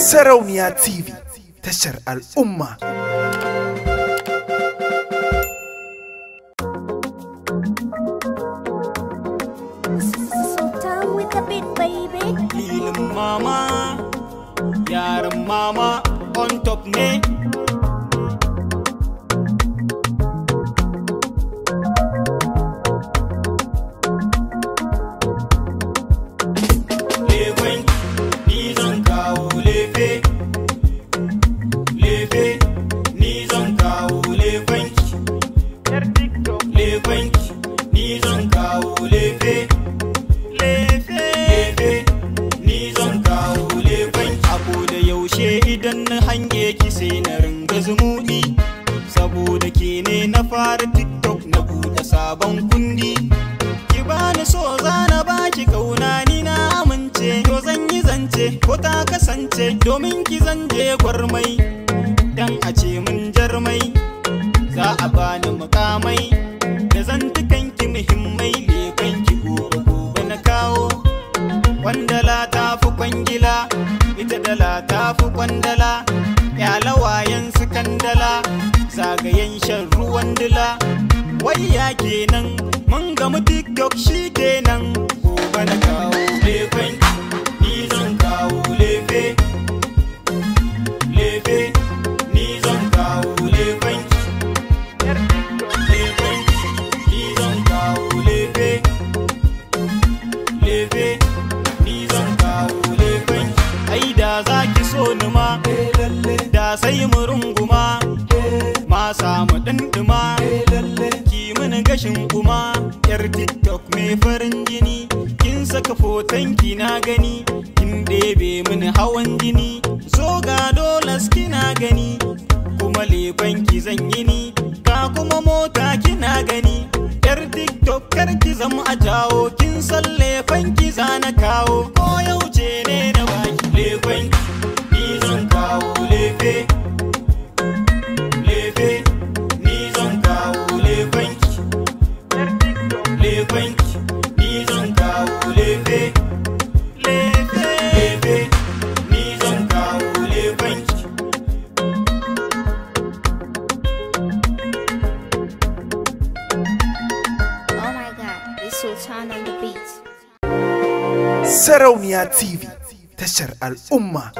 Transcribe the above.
Sarauniya TV tashar al'umma. Lilin mama, yaran mama on top ne. zan kawo lefe lefe lefe ni zan kawo lefen da yaushe idan na hange ki sai na ringa zumuɗi saboda ke ne na fara tiktok na buɗe sabon kundi ki bani so zana baki kauna ni na amince ko zan yi zance ko ta kasance domin ki zanje gwarmai dan a ce mun jarmai za a bani mukamai kwangila ita dala ta fi kwandala yalawayen su kandala zagayen shan ruwan dila wai ya kenan mun gamu tiktok shi kenan sai mu runguma ma samu Ki mun gashin kuma yar tiktok mai farin jini kin saka foton ki na gani kin ɗebe mun hawan jini Zo ga dolas kina gani kuma lefanki zan yi ni ka kuma mota kina gani yar tiktok kar ki zama a jawo kin san lefanki zana kawo ko ce ne na baki lefanki Sultan on the beat. Sarauniya TV, tashar al'umma.